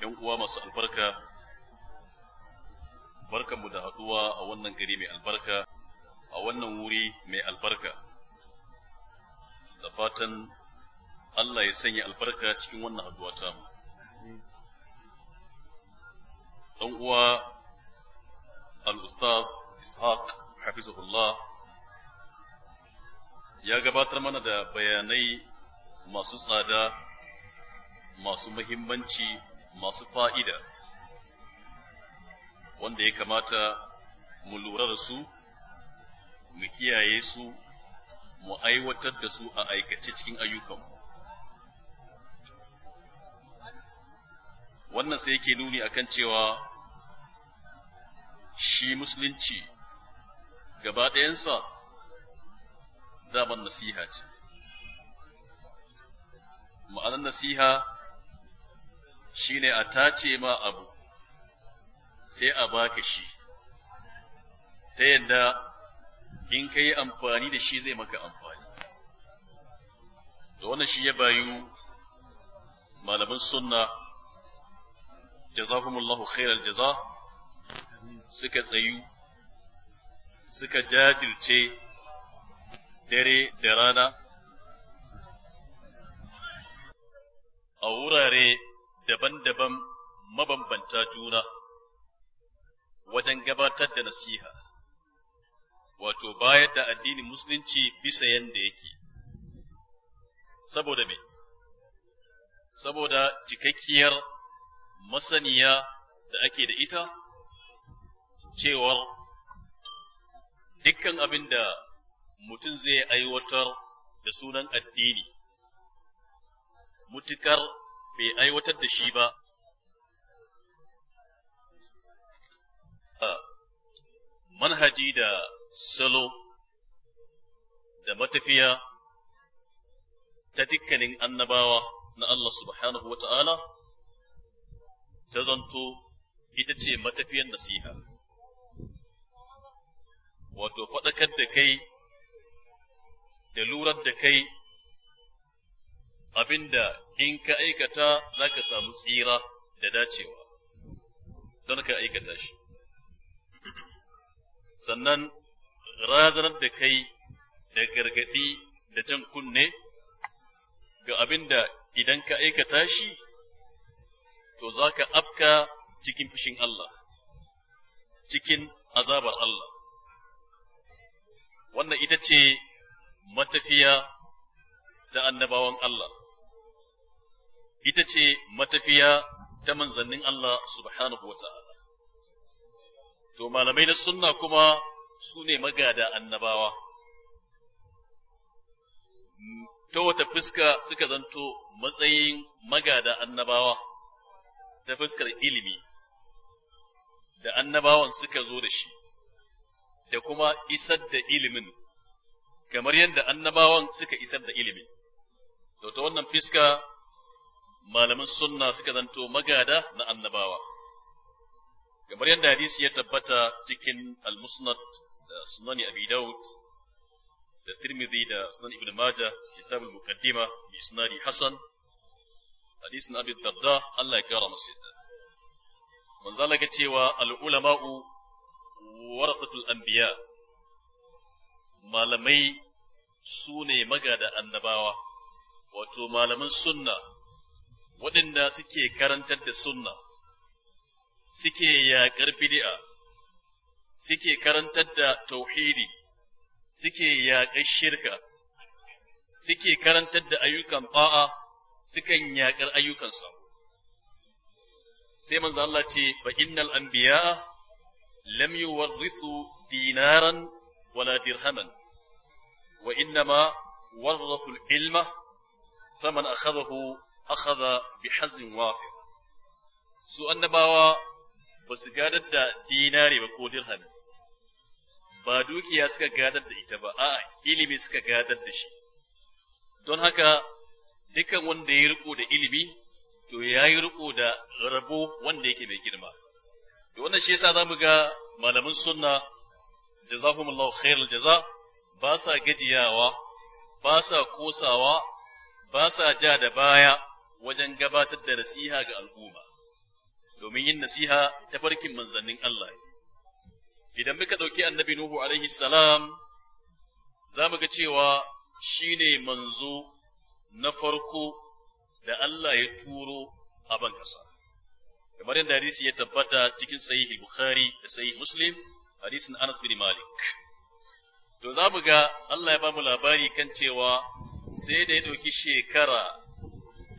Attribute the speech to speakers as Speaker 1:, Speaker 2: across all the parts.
Speaker 1: ‘yan uwa masu albarka, barkanmu da haɗuwa a wannan gari mai albarka, a wannan wuri mai albarka, da fatan Allah ya sanya albarka cikin wannan haɗuwa ta mu. ‘Yan uwa al'ustaz ishaq hafizullah ya gabatar mana da bayanai masu tsada masu muhimmanci. masu fa'ida wanda ya kamata mu lura da su mu kiyaye su mu aiwatar da su a aikace cikin ayyukanmu wannan sai yake nuni akan cewa shi musulunci gaba ɗayansa daban nasiha ce ma'anar nasiha shine a tace ma abu sai a baka shi ta yadda in ka yi amfani da shi zai maka amfani da wannan shi ya bayu malamin sunna jazakumullahu khairal jaza suka tsayu suka jajirce dare da rana a wurare daban-daban mabambanta juna wajen gabatar da nasiha, wato bayar da addinin musulunci bisa yadda yake. Saboda me? Saboda cikakkiyar masaniya da ake da ita, cewar dukkan abin da mutum zai aiwatar da sunan addini, mutukar bai aiwatar da shi ba manhaji da salo da matafiya ta dukkanin annabawa na Allah subhanahu wata'ala ta zanto ita ce matafiyan nasiha wato faɗakar da kai da lurar da kai abinda in ka aikata za ka samu tsira da dacewa don ka aikata shi sannan razanar da kai da gargadi da jan kunne ga abin da idan ka aikata shi to za ka afka cikin fushin Allah cikin azabar Allah wannan ita ce matafiya ta annabawan Allah ita ce matafiya ta manzannin Allah subhanahu wa ta'ala. To, malamai na sunna kuma su ne magada annabawa, ta wata fuska suka zanto matsayin magada annabawa ta fuskar ilimi da annabawan suka zo da shi, da kuma isar da ilimin, kamar yadda annabawan suka isar da ilimin. To, ta wannan fuska malaman sunna suka zanto magada na annabawa kamar yadda hadisi ya tabbata cikin al-musnad da sunani abi daud da tirmidhi da sunan ibn maja kitab al-muqaddima bi isnadi hasan hadisin abi darda Allah ya kara masa yadda manzo Allah ya cewa al-ulama'u warafatul anbiya malamai sune magada annabawa wato malaman sunna waɗanda suke karantar da sunna suke yaƙar bid'a suke karantar da tauhidi suke yaƙar shirka suke karantar da ayyukan ba'a sukan yaƙar ayyukan sa sai manzo Allah ce fa innal anbiya lam yuwarrisu dinaran wala dirhaman wa innama warrasu al-ilma faman akhadahu akhadha bi hazin wafir su annabawa ba su gadar da dinari ba ko dirhami. ba dukiya suka gadar da ita ba a'a ilimi suka gadar da shi don haka dukkan wanda ya riko da ilimi to ya yi riko da rabo wanda yake mai girma da wannan shi yasa zamu ga malaman sunna jazahumullahu khairul jaza ba sa gajiyawa ba sa kosawa ba sa ja da baya wajen gabatar da nasiha ga al'umma domin yin nasiha ta farkin manzannin Allah idan muka ɗauki annabi Nuhu alaihi salam za mu ga cewa shine manzo na farko da Allah ya turo a ban ƙasa kamar yadda hadisi ya tabbata cikin sahih bukhari da sahih muslim hadisin anas bin malik to za mu ga Allah ya ba mu labari kan cewa sai da ya ɗauki shekara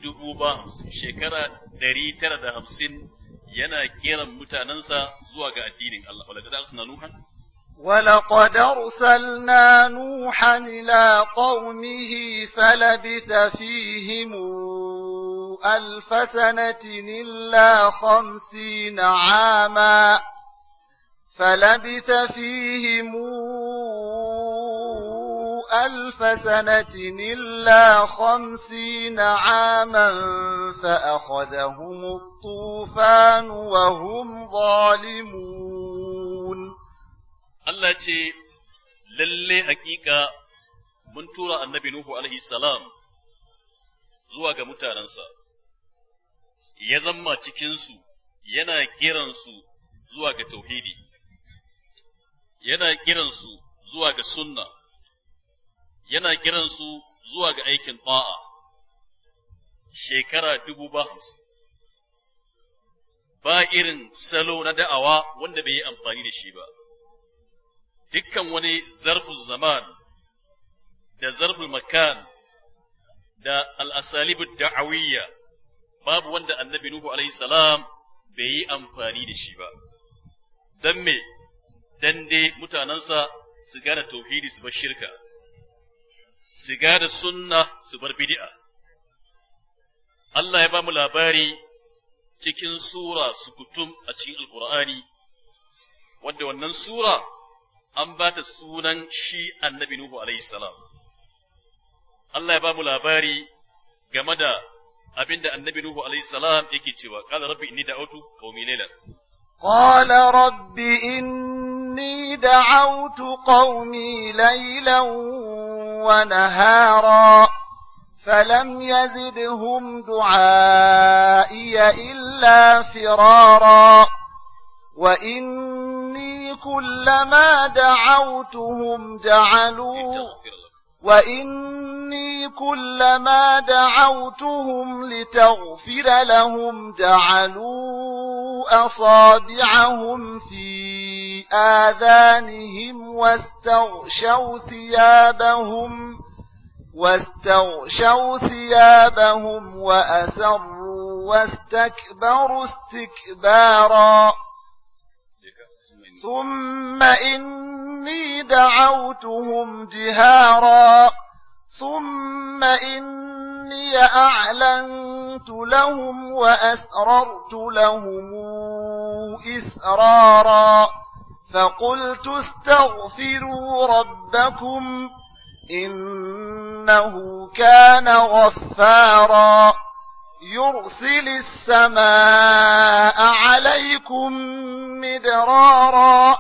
Speaker 1: dubu ba hamsin shekara ɗari tara da hamsin yana keran mutanensa zuwa ga addinin Allah wala da suna nuhan ولقد
Speaker 2: أرسلنا نوحا إلى قومه فلبث فيهم ألف سنة إلا خمسين عاما فلبث فيهم ألف سنة إلا خمسين عاما
Speaker 1: فأخذهم
Speaker 2: الطوفان وهم ظالمون
Speaker 1: الله للي حقيقة من تورى النبي نوح عليه السلام زواج متانسا يزمى تكنسو ينا كيرنسو زواج توحيدي ينا كيرنسو زواج السنه yana kiransu zuwa ga aikin ba'a shekara dubu ba ba irin salo na da'awa wanda bai yi amfani da shi ba dukkan wani zarfin zaman da zarfin makan da al'asalibu da'awiyya babu wanda annabi Nuhu alaihi salam bai yi amfani da shi ba don me dande mutanensa su gane tauhidi su bar shirka shiga da sunna su bar bid'a Allah ya ba mu labari cikin sura kutum a cikin alkur'ani wadda wannan sura an ba ta sunan shi annabi Nuhu alaihi salam Allah ya ba mu labari game da abinda annabi Nuhu alaihi salam yake cewa qala rabbi inni da'utu qaumi laylan
Speaker 2: qala rabbi inni da'awtu qaumi laylan ونهارا فلم يزدهم دعائي إلا فرارا وإني كلما دعوتهم جعلوا وإني كلما دعوتهم لتغفر لهم جعلوا أصابعهم في آذانهم واستغشوا ثيابهم واستغشوا ثيابهم وأسروا واستكبروا استكبارا ثم إني دعوتهم جهارا ثم إني أعلنت لهم وأسررت لهم إسرارا فقلت استغفروا ربكم إنه كان غفارا يرسل السماء عليكم مدرارا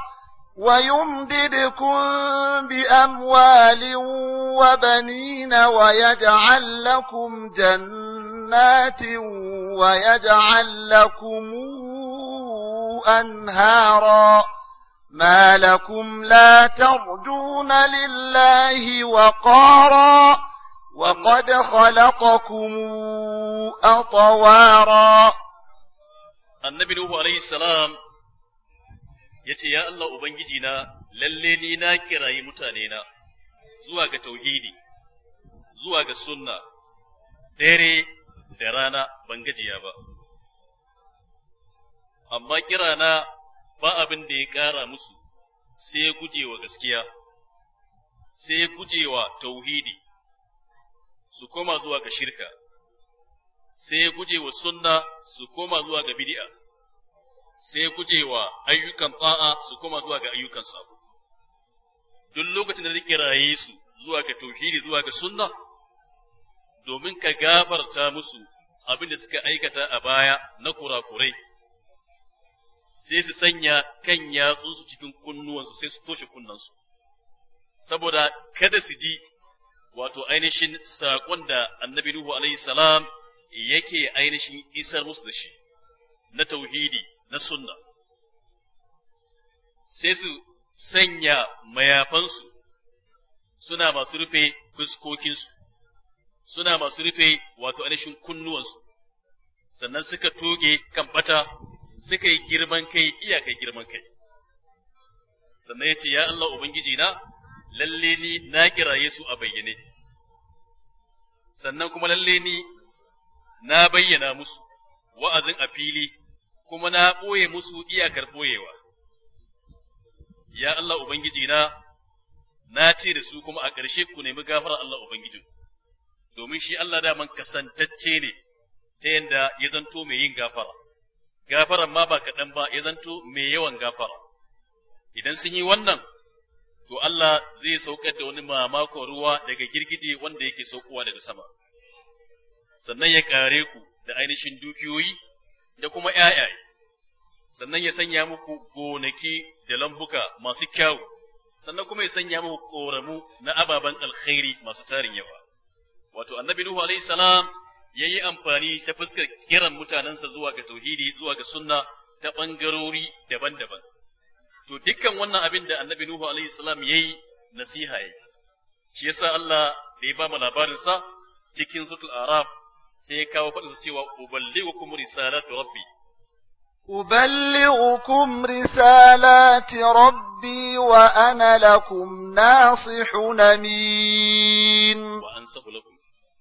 Speaker 2: ويمددكم بأموال وبنين ويجعل لكم جنات ويجعل لكم أنهاراً ما لكم لا ترجون لله وقارا وقد خلقكم أطوارا
Speaker 1: النبي نوح عليه السلام يتي يا الله أبنجينا للينينا كراي متانينا زواج توحيدي زواج السنة تيري درانا بنجيابا أما كرانا ba abin da ya ƙara musu sai wa gaskiya sai wa tauhidi su koma zuwa ga shirka sai wa sunna su koma zuwa ga bid'a sai wa ayyukan ta'a su koma zuwa ga ayyukan sabo duk lokacin da rike raye su zuwa ga tauhidi zuwa ga sunna domin ka gafarta musu abin da suka aikata a baya na kurakurai sai su sanya kan yatsunsu su cikin kunnuwansu sai su toshe kunnansu saboda kada su ji wato ainihin saƙon da annabi Nuhu alaihi salam yake ainihin isar musu da shi na tauhidi na sunna sai su sanya mayafansu suna masu rufe fuskokinsu suna masu rufe wato ainihin kunnuwansu sannan suka toge kan bata suka yi girman kai iyaka girman kai sannan ya ce ya Allah ubangiji na lalle ni na kiraye su a bayyane sannan kuma lalle ni na bayyana musu wa'azin a fili kuma na ɓoye musu iyakar ɓoyewa ya Allah ubangiji na na ce da su kuma a ƙarshe ku nemi gafara Allah Ubangiji domin shi Allah daman kasantacce ne ta yadda ya zanto mai yin gafara gafaran ma ba kaɗan ba ya zanto mai yawan gafara idan sun yi wannan to Allah zai saukar da wani mamakon ruwa daga girgije wanda yake saukowa daga sama sannan ya kare ku da ainihin dukiyoyi da kuma ‘ya'yaye sannan ya sanya muku gonaki da lambuka masu kyawu sannan kuma ya sanya muku ƙoramu na ababen alkhairi masu tarin yawa wato annabi nuhu alaihi salam ya yi amfani ta fuskar kiran mutanensa zuwa ga tauhidi zuwa ga sunna ta ɓangarori daban-daban. To dukkan wannan abin da annabi Nuhu alaihi salam ya yi nasiha ya shi yasa Allah da ya ba mu labarinsa cikin zutul araf sai ya kawo faɗinsa cewa uballighukum risalatu rabbi
Speaker 2: uballighukum أبلغكم رسالات ربي وأنا لكم ناصح أمين وأنصح لكم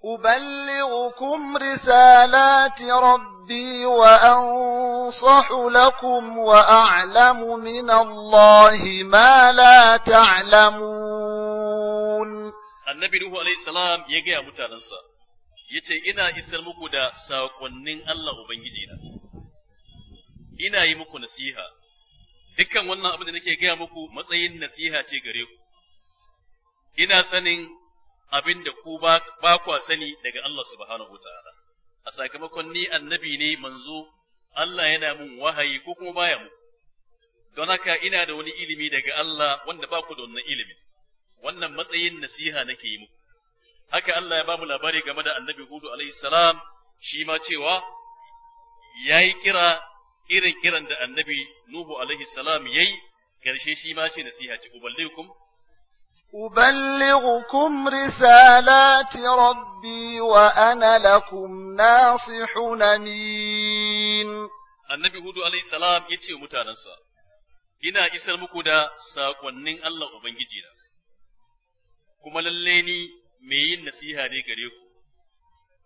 Speaker 2: أبلغكم رسالات ربي وأنصح لكم وأعلم من الله ما لا تعلمون
Speaker 1: النبي نوح عليه السلام يجي أموت على نصر يتي إنا إسلام قد ساقنن الله وبنجينا إنا يمك نسيها دكان ونا أبدا نكي يجي أموكو مطلعين نسيها تيغريو إنا سنن abin da ku ba kwa sani daga Allah subhanahu wa a sakamakon ni annabi ne manzo Allah yana mun wahayi ko kuma baya mu don haka ina da wani ilimi daga Allah wanda ba ku da wannan ilimi wannan matsayin nasiha nake yi muku haka Allah ya ba mu labari game da annabi Hudu alaihi salam shi ma cewa yayi kira irin kiran da annabi Nuhu alaihi salam yayi karshe shi ma ce nasiha ci uballikum
Speaker 2: أبلغكم رسالات ربي وأنا لكم ناصح أمين
Speaker 1: النبي هود عليه السلام يتي متانسا ina isar muku da saƙonnin Allah Ubangijina, kuma lalle ni mai yin nasiha ne gare ku,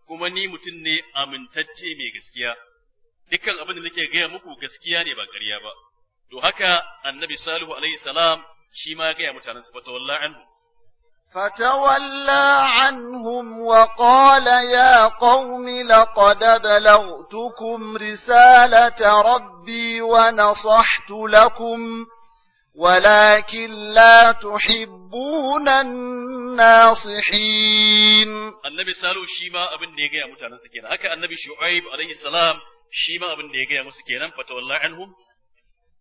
Speaker 1: kuma ni mutum ne amintacce mai gaskiya, dukkan abin da nake gaya muku gaskiya ne ba ƙarya ba, to haka annabi Salihu alaihi salam shi ma ya gaya mutanen
Speaker 2: fa tawalla anhum wa qala ya qaumi laqad balagtukum risalata rabbi wa ونصحت lakum ولكن لا تحبون الناصحين
Speaker 1: النبي سالو شيما ابن ديغا متانا سكينا هكا النبي شعيب عليه السلام شيما ابن ديغا مسكينا فتولى عنهم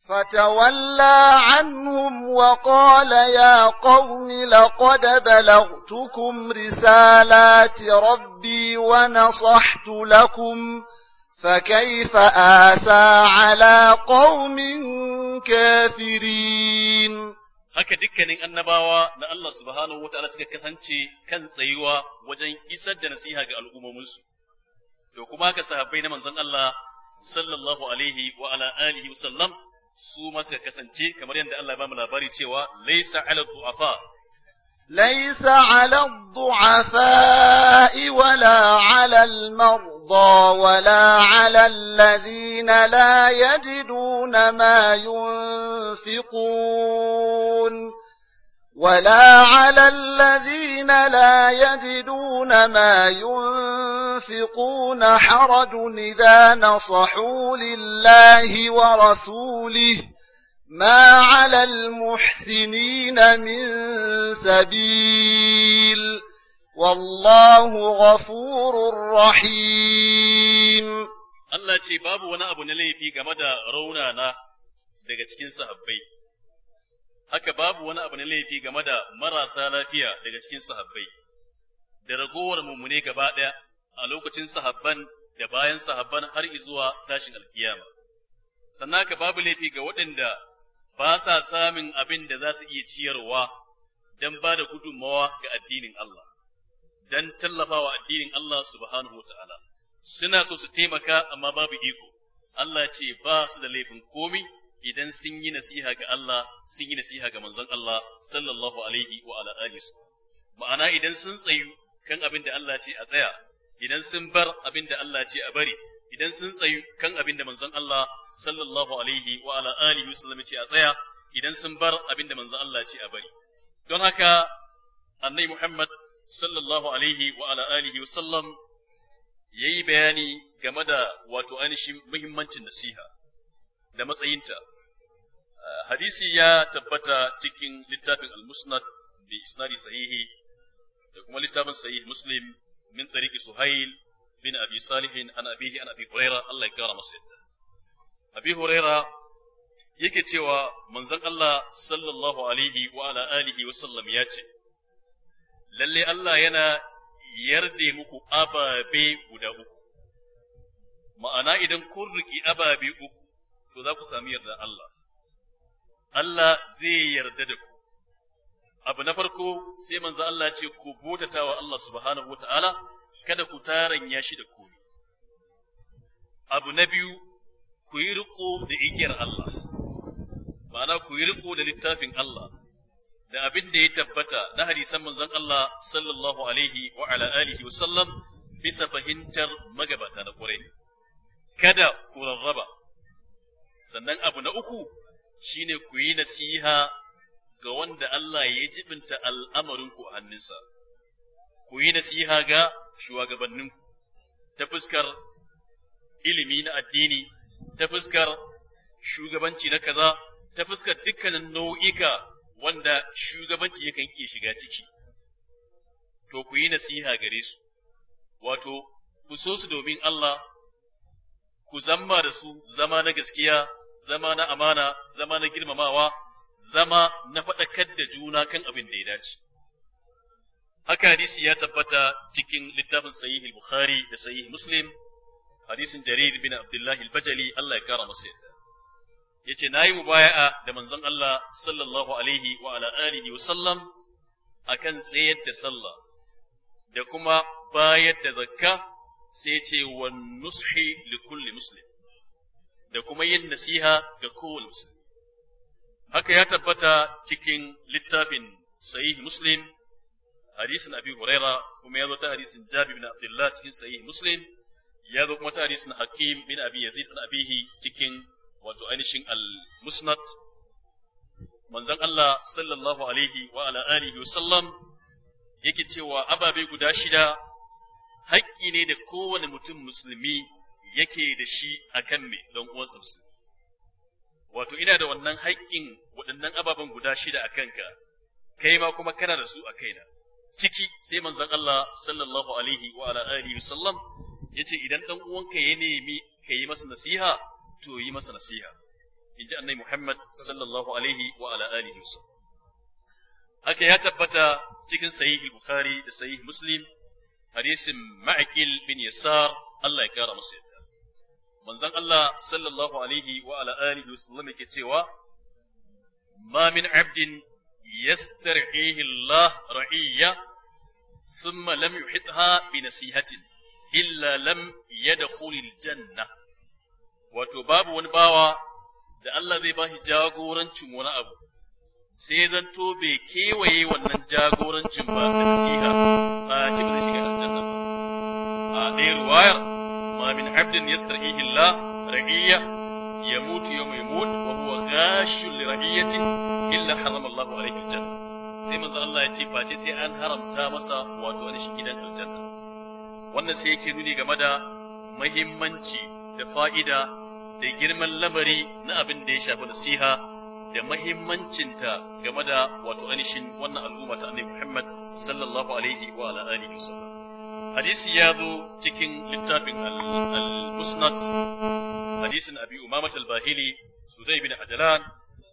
Speaker 2: فتولى عنهم وقال يا قوم لقد بلغتكم رسالات ربي ونصحت لكم فكيف آسى على قوم كافرين
Speaker 1: haka dukkanin annabawa da Allah subhanahu wataala suka kasance kan tsayuwa wajen isar da nasiha ga al'ummominsu to kuma haka sahabbai na manzon Allah sallallahu alaihi wa ala alihi wa sallam su ma suka kasance kamar yadda Allah ya ba mu labari cewa laysa 'ala du'afa
Speaker 2: laysa 'ala du'afa wala 'ala al-marḍa wala 'ala alladhina la yajiduna ma yunfiqun ولا على الذين لا يجدون ما ينفقون حرج إذا نصحوا لله ورسوله ما على المحسنين من سبيل والله غفور رحيم
Speaker 1: الله ce باب wani abu na laifi game da raunana daga cikin sahabbai haka babu wani abu na laifi game da marasa lafiya daga cikin sahabbai da ragowar mummune gaba ɗaya a lokacin sahabban da bayan sahabban har zuwa tashin alkiyama sannan haka babu laifi ga waɗanda ba sa samun abin da za su iya ciyarwa don ba da gudunmawa ga addinin Allah don tallafawa addinin Allah subhanahu wa ta'ala suna so su taimaka amma babu iko Allah ce ba su da laifin komi idan sun yi nasiha ga Allah sun yi nasiha ga manzon Allah sallallahu alaihi wa ala alihi ma'ana idan sun tsayu kan abin da Allah ce a tsaya idan sun bar abin da Allah ce a bari idan sun tsayu kan abin da manzon Allah sallallahu alaihi wa ala alihi wasallam ce a tsaya idan sun bar abin da manzon Allah ce a bari don haka annabi Muhammad sallallahu alaihi wa ala alihi wasallam yayi bayani game da wato ainihin muhimmancin nasiha da matsayinta hadisi ya tabbata cikin littafin al-musnad bi isnadi sahihi da kuma littafin sahih muslim min tariqi suhail bin abi salih an abihi an abi huraira Allah ya kara masa yadda abi huraira yake cewa manzon Allah sallallahu alaihi wa ala alihi wa sallam ya ce lalle Allah yana yarde muku ababe guda uku ma'ana idan kun riki ababe uku to za ku sami yarda Allah Allah zai yarda da ku abu na farko sai manzo Allah ce ku botata wa Allah subhanahu wataala kada ku taran shi da komai abu na biyu ku yi riko da igiyar Allah ma'ana ku yi riko da littafin Allah da abin da ya tabbata na hadisan manzon Allah sallallahu alaihi wa ala alihi wa sallam bisa fahimtar magabata na ƙwarai kada ku rarraba sannan abu na uku shine ku yi nasiha ga wanda Allah ya jibinta al'amarinku a hannunsa, ku yi nasiha ga shugabanninku ta fuskar ilimi na addini, ta fuskar shugabanci na kaza, ta fuskar dukkanin nau'ika wanda shugabanci yakan iya shiga ciki, to ku yi nasiha gare su, wato, ku so su domin Allah, ku zama da su zama na gaskiya. zama na amana zama na girmamawa zama na faɗakar da juna kan abin da ya dace haka hadisi ya tabbata cikin littafin sahih bukhari da sahih muslim hadisin jarir bin abdullah al-bajali Allah ya kara masa yadda yace nayi mubaya'a da manzon Allah sallallahu alaihi wa ala alihi wa sallam akan tsayar da sallah da kuma bayar da zakka sai ce wa nushi li kulli muslim da kuma yin nasiha ga kowane musulmi haka ya tabbata cikin littafin sahih muslim hadisin abi huraira kuma ya zo ta hadisin jabir bin abdullah cikin sahih muslim ya zo kuma ta hadisin hakim bin abi yazid bin abihi cikin wato ainihin al-musnad manzon Allah sallallahu alaihi wa ala alihi wa sallam yake cewa ababe guda shida haƙƙi ne da kowane mutum musulmi yake da shi akan me dan uwansa su. wato ina da wannan haƙƙin waɗannan ababen guda shida a kanka kai ma kuma kana da su a kaina ciki sai manzon Allah sallallahu alaihi wa alihi wasallam ce idan ɗan uwanka ya nemi ka yi masa nasiha to yi masa nasiha ji annabi Muhammad sallallahu alaihi wa alihi haka ya tabbata cikin sahih bukhari da sahih muslim hadisin ma'qil bin yasar Allah ya kara masa manzon Allah sallallahu alaihi wa ala alihi wasallam yake cewa ma min abdin yastar'ihi Allah ra'iyya thumma lam yuhitha bi nasihatin illa lam yadkhulil janna wato babu wani bawa da Allah zai bashi jagorancin wani abu sai zanto bai kewaye wannan jagorancin ba da nasiha ba ci ba shiga aljanna ba a ɗaya ruwayar abdin yasta'ihi Allah raqiya yamut yawma yamut wa huwa ghashul li ra'iyati illa harama Allah alayhi sai manzo Allah ya ce face sai an haramta masa wato an shi gidan aljanna wannan sai yake nuni game da muhimmanci da fa'ida da girman lamari na abin da ya shafi nasiha da mahimmancinta game da wato anishin wannan al'umma ta annabi Muhammad sallallahu alaihi wa ala alihi wasallam hadisi ya zo cikin littafin al-musnad hadisin abi umamat al-bahili sudai bin ajalan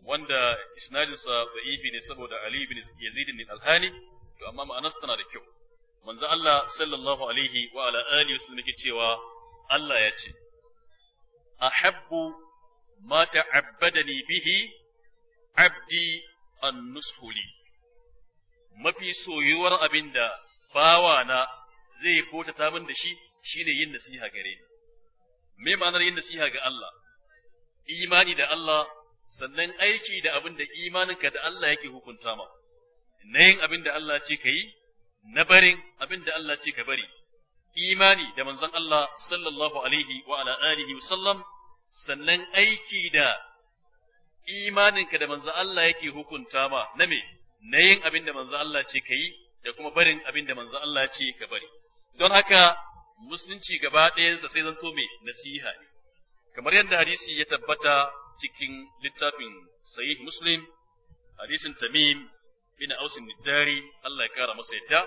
Speaker 1: wanda isnadinsa da'ifi ne saboda ali bin yazid bin al-hani to amma ma'anar tana da kyau manzo Allah sallallahu alaihi wa ala alihi wasallam yake cewa Allah ya ce ahabbu ma ta'abbadani bihi abdi an-nushuli mafi soyuwar abinda bawana zai yi ta min da shi shine yin nasiha gare ni me ma'anar yin nasiha ga Allah imani da Allah sannan aiki da abin da imaninka da Allah yake hukunta ma na yin abin da Allah ce ka yi na barin abin da Allah ce ka bari imani da manzon Allah sallallahu alaihi wa ala alihi wa sallam sannan aiki da imaninka da manzon Allah yake hukunta ma na me na yin abin da manzon Allah ce ka yi da kuma barin abin da manzon Allah ce ka bari don haka musulunci gaba ɗayansa sai zanto mai nasiha ne kamar yadda hadisi ya tabbata cikin littafin sahih muslim hadisin tamim bin ausin niddari Allah ya kara masa yadda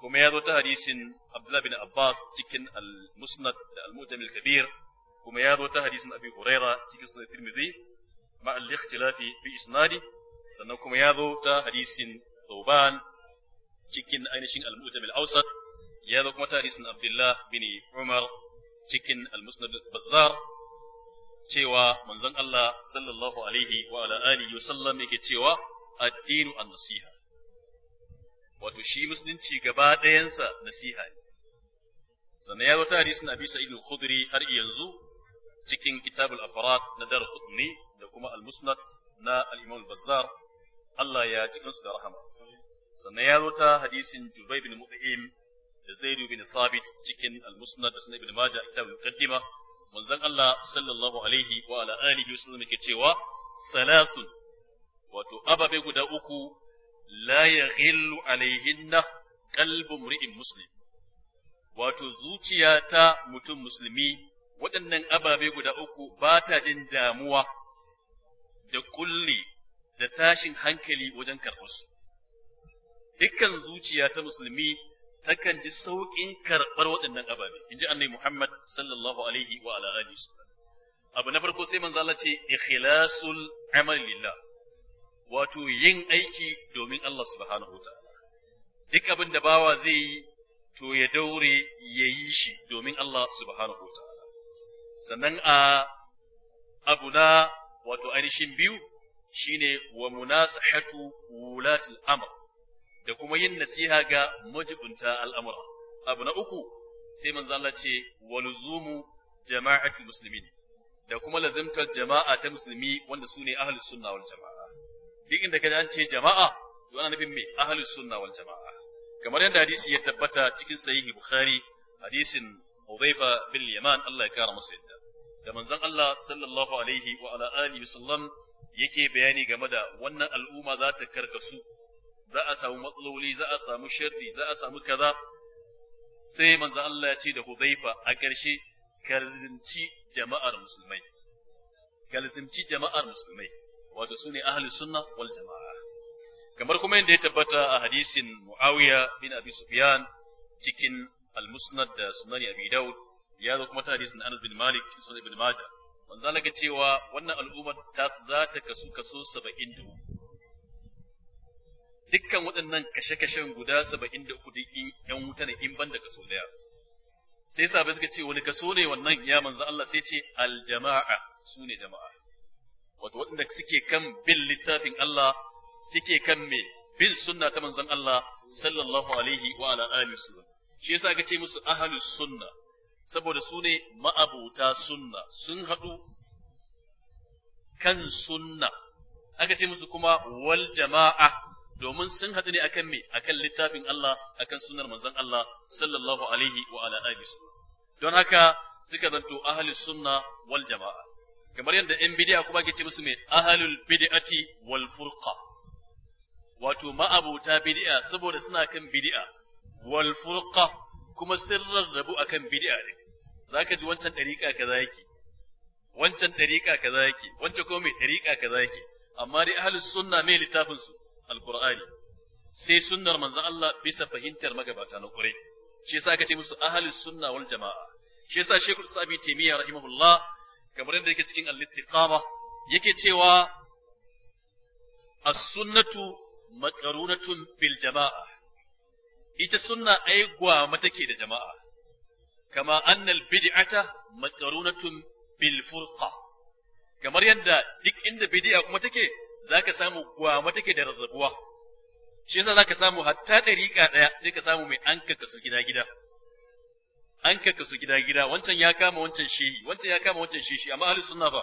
Speaker 1: kuma ya zo ta hadisin abdullah bin abbas cikin al-musnad da al mujamil kabir kuma ya zo ta hadisin abi huraira cikin sunan tirmidhi ma al-ikhtilafi bi isnadi sannan kuma ya zo ta hadisin thawban cikin ainihin al mujamil awsat ya zo kuma ta hadisin Abdullah bin Umar cikin al-Musnad Bazzar cewa manzon Allah sallallahu alaihi wa ala alihi wa sallam yake cewa addinu an-nasiha wato shi musulunci gaba ɗayansa nasiha ne sannan ya zo ta hadisin Abi Sa'id al-Khudri har yanzu cikin kitabul afarat na Darqutni da kuma al-Musnad na al-Imam bazzar Allah ya cikin su da rahama sannan ya zo ta hadisin Jubay bin Mut'im da Zaid bin Sabit cikin al-Musnad da Sunan Ibn Majah kitabul Muqaddima manzon Allah sallallahu alaihi wa ala alihi wasallam yake cewa salasun wato ababe guda uku la yaghillu alaihinna qalbu mri'in muslim wato zuciya ta mutum musulmi waɗannan ababe guda uku ba ta jin damuwa da kulli da tashin hankali wajen karɓarsu. Dukkan zuciya ta musulmi takan ji sauƙin karɓar waɗannan ababe inji annabi Muhammad sallallahu alaihi wa ala alihi abu na farko sai manzo Allah ce ikhlasul amal lillah wato yin aiki domin Allah subhanahu wa ta'ala duk abin da bawa zai yi to ya daure ya yi shi domin Allah subhanahu wa ta'ala sannan a abu na wato ainihin biyu shine wa munasahatu wulatul amr da kuma yin nasiha ga majibunta al'amura abu na uku sai manzo Allah ce waluzumu jama'atul muslimin da kuma lazimtar jama'a ta musulmi wanda su ne ahlus sunna wal jama'a duk inda kaji an ce jama'a to ana nufin me ahlus sunna wal jama'a kamar yadda hadisi ya tabbata cikin sahihi bukhari hadisin Hudhaifa bin Yaman Allah ya kara masa yadda da manzon Allah sallallahu alaihi wa ala alihi wasallam yake bayani game da wannan al'umma za ta karkasu za a samu matsaloli za a samu sharri za a samu kaza sai manzo Allah ya ce da Hudhaifa a ƙarshe kalzimci jama'ar musulmai kalzimci jama'ar musulmai wato sune ahli sunna wal jama'a kamar kuma yadda ya tabbata a hadisin Muawiya bin Abi Sufyan cikin al-Musnad da Sunan Abi Dawud ya zo kuma ta hadisin Anas bin Malik cikin Sunan Ibn Majah manzo Allah cewa wannan al'ummar ta za ta kasu kaso 70 dukkan waɗannan kashe-kashen guda saba'in da uku in ‘yan wuta ne in ban da kaso ɗaya. Sai sabai suka ce wani kaso ne wannan ya manzo Allah sai ce aljama'a su ne jama'a. Wato waɗanda suke kan bin littafin Allah suke kan me bin sunna ta manzon Allah sallallahu alaihi wa ala alihi wasallam. Shi yasa aka ce musu ahlus sunna saboda su ne ma'abuta sunna sun haɗu kan sunna aka ce musu kuma wal jama'a domin sun haɗu ne akan me akan littafin Allah akan sunar manzon Allah sallallahu alaihi wa ala alihi don haka suka zanto ahli sunna wal jama'a kamar yadda yan bid'a kuma ke ce musu me ahlul bid'ati wal furqa wato ma'abuta bid'a saboda suna kan bid'a wal furqa kuma sirrar rabu akan bid'a ne zaka ji wancan dariƙa kaza yake wancan dariƙa kaza yake wancan kuma me dariƙa kaza yake amma dai ahlus sunna me littafin su alkur'ani sai sunnar manzon Allah bisa fahimtar magabata na kure shi yasa aka ce musu ahlus sunna wal jamaa shi yasa shekul sabi taymiya rahimahullah kamar yadda yake cikin al-istiqama yake cewa as-sunnatu maqarunatun bil jamaa ita sunna ai gwama take da jama'a kama annal bid'ata maqarunatun bil furqa kamar yadda duk inda bid'a kuma take zaka samu gwama take da rarrabuwa shi yasa zaka samu hatta dariƙa ɗaya sai ka samu mai an kaka su gida gida an kaka su gida gida wancan ya kama wancan shi wancan ya kama wancan shi shi amma ahlus sunna fa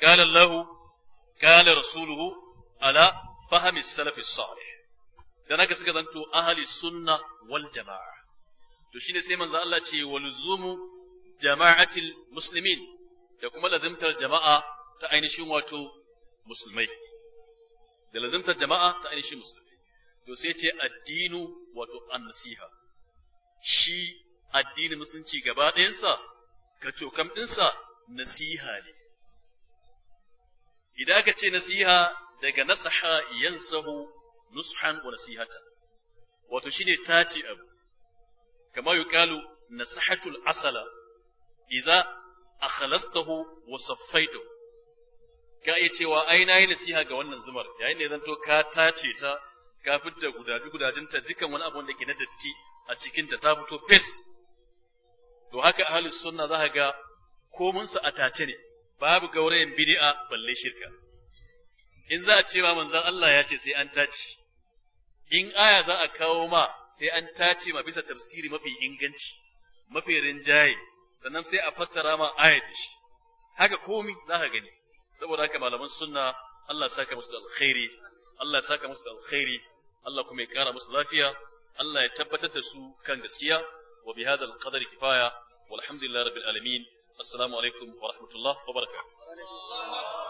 Speaker 1: qala Allah qala rasuluhu ala fahmi salaf salih dan haka suka zanto ahlus sunna wal jamaa to shine sai manzo Allah ce walzumu jama'atil muslimin da kuma lazimtar jama'a ta ainihin wato musulmai da lazimtar jama'a ta ainihin musulmi to sai ce addinu wato an-nasiha shi addinin musulunci gaba ɗayansa ka cokam ɗinsa nasiha ne idan aka ce nasiha daga nasaha yansahu nushan wa nasihata wato ta tace abu kama kalu nasahatul asala a akhlastahu wa saffaitahu ka iya cewa ai na yi nasiha ga wannan zumar yayin da zanto ka tace ta ka gudaje gudaji gudajinta dukan wani abu da ke na datti a cikin ta ta fito fes to haka ahli sunna za ka ga komun su a tace ne babu gaurayen bid'a balle shirka in za a ce ma manzon Allah ya ce sai an tace in aya za a kawo ma sai an tace ma bisa tafsiri mafi inganci mafi rinjaye sannan sai a fassara ma da shi haka komi za ka gani saboda haka malaman sunna Allah saka musu da alkhairi Allah saka musu da alkhairi Allah kuma ya kara musu lafiya Allah ya tabbatar da su kan gaskiya wa bi hadha alqadar kifaya walhamdulillahi rabbil alamin assalamu alaikum wa rahmatullah wa
Speaker 2: barakatuh